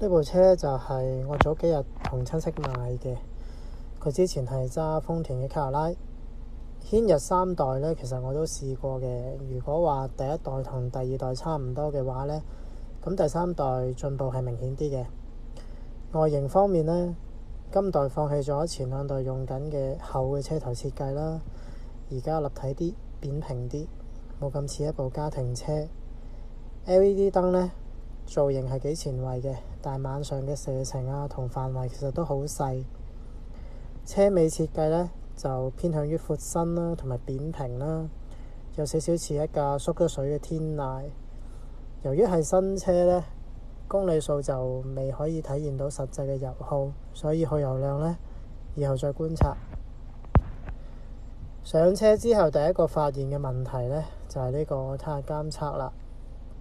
呢部車就係我早幾日同親戚買嘅，佢之前係揸豐田嘅卡羅拉，軒逸三代呢，其實我都試過嘅。如果話第一代同第二代差唔多嘅話呢，咁第三代進步係明顯啲嘅。外形方面呢，今代放棄咗前兩代用緊嘅厚嘅車頭設計啦，而家立體啲、扁平啲，冇咁似一部家庭車。LED 燈呢。造型係幾前衛嘅，但係晚上嘅射程啊同範圍其實都好細。車尾設計呢，就偏向於闊身啦，啊，同埋扁平啦，啊，有少少似一架縮咗水嘅天籟。由於係新車呢，公里數就未可以體現到實際嘅油耗，所以耗油量呢，以後再觀察。上車之後第一個發現嘅問題呢，就係、是、呢、這個胎壓監測啦。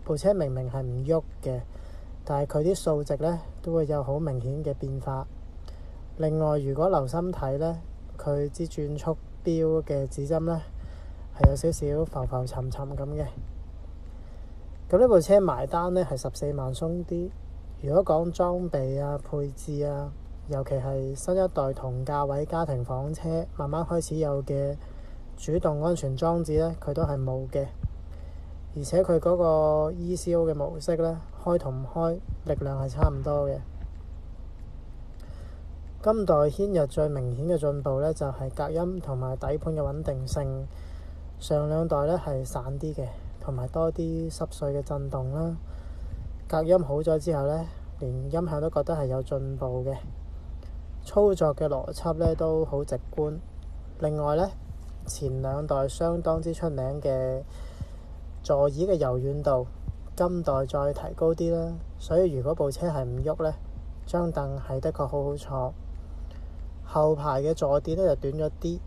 部車明明係唔喐嘅，但係佢啲數值呢都會有好明顯嘅變化。另外，如果留心睇呢，佢支轉速表嘅指針呢係有少少浮浮沉沉咁嘅。咁呢部車埋單呢係十四萬鬆啲。如果講裝備啊、配置啊，尤其係新一代同價位家庭房車，慢慢開始有嘅主動安全裝置呢，佢都係冇嘅。而且佢嗰個 Eco 嘅模式咧，開同唔開力量係差唔多嘅。今代軒逸最明顯嘅進步咧，就係隔音同埋底盤嘅穩定性。上兩代咧係散啲嘅，同埋多啲濕碎嘅震動啦。隔音好咗之後咧，連音響都覺得係有進步嘅。操作嘅邏輯咧都好直觀。另外咧，前兩代相當之出名嘅。座椅嘅柔軟度，今代再提高啲啦。所以如果部車係唔喐呢，張凳係的確好好坐。後排嘅坐墊呢就短咗啲，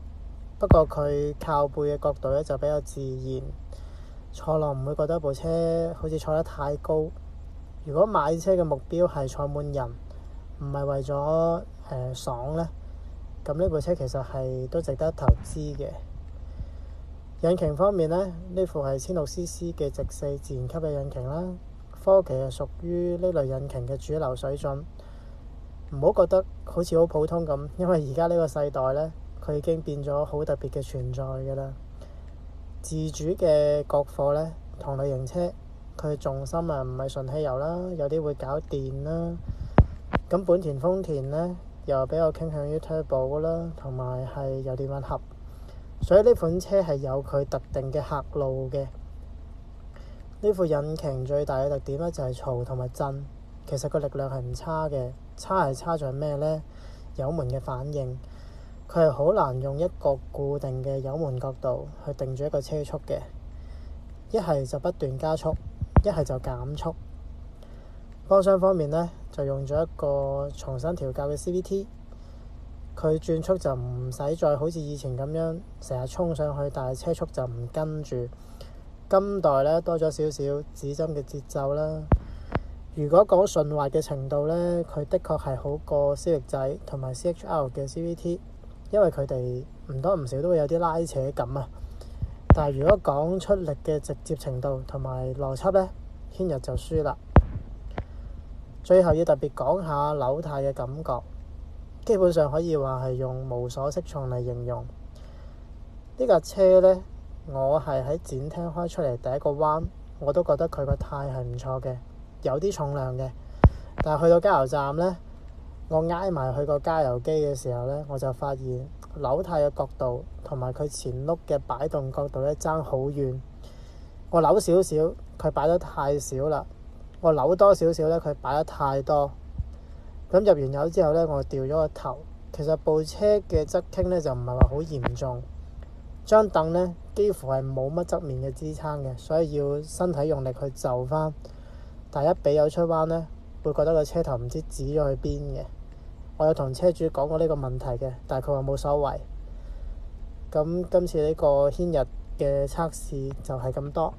不過佢靠背嘅角度呢就比較自然，坐落唔會覺得部車好似坐得太高。如果買車嘅目標係坐滿人，唔係為咗、呃、爽呢，咁呢部車其實係都值得投資嘅。引擎方面呢，呢副係千六 CC 嘅直四自然吸氣引擎啦，科技係屬於呢類引擎嘅主流水準，唔好覺得好似好普通咁，因為而家呢個世代呢，佢已經變咗好特別嘅存在噶啦。自主嘅國貨呢，同類型車佢重心啊唔係純汽油啦，有啲會搞電啦。咁本田、豐田呢，又比較傾向於 turbo 啦，同埋係有啲混合。所以呢款車係有佢特定嘅客路嘅。呢副引擎最大嘅特點咧就係嘈同埋震。其實個力量係唔差嘅，差係差在咩呢？油門嘅反應，佢係好難用一個固定嘅油門角度去定住一個車速嘅。一係就不斷加速，一係就減速。波箱方面呢，就用咗一個重新調校嘅 CVT。佢轉速就唔使再好似以前咁樣成日衝上去，但係車速就唔跟住。今代咧多咗少少指針嘅節奏啦。如果講順滑嘅程度咧，佢的確係好過 C 力仔同埋 C H L 嘅 C V T，因為佢哋唔多唔少都會有啲拉扯感啊。但係如果講出力嘅直接程度同埋邏輯咧，軒逸就輸啦。最後要特別講下扭軚嘅感覺。基本上可以話係用無所適從嚟形容呢架車呢，我係喺展廳開出嚟第一個彎，我都覺得佢個軚係唔錯嘅，有啲重量嘅。但係去到加油站呢，我挨埋佢個加油機嘅時候呢，我就發現扭軚嘅角度同埋佢前轆嘅擺動角度呢，爭好遠。我扭少少，佢擺得太少啦；我扭多少少呢，佢擺得太多。咁入完油之後呢，我掉咗個頭。其實部車嘅側傾呢，就唔係話好嚴重，張凳呢，幾乎係冇乜側面嘅支撐嘅，所以要身體用力去就翻。但一俾油出彎呢，會覺得個車頭唔知指咗去邊嘅。我有同車主講過呢個問題嘅，但係佢話冇所謂。咁今次呢個軒逸嘅測試就係咁多。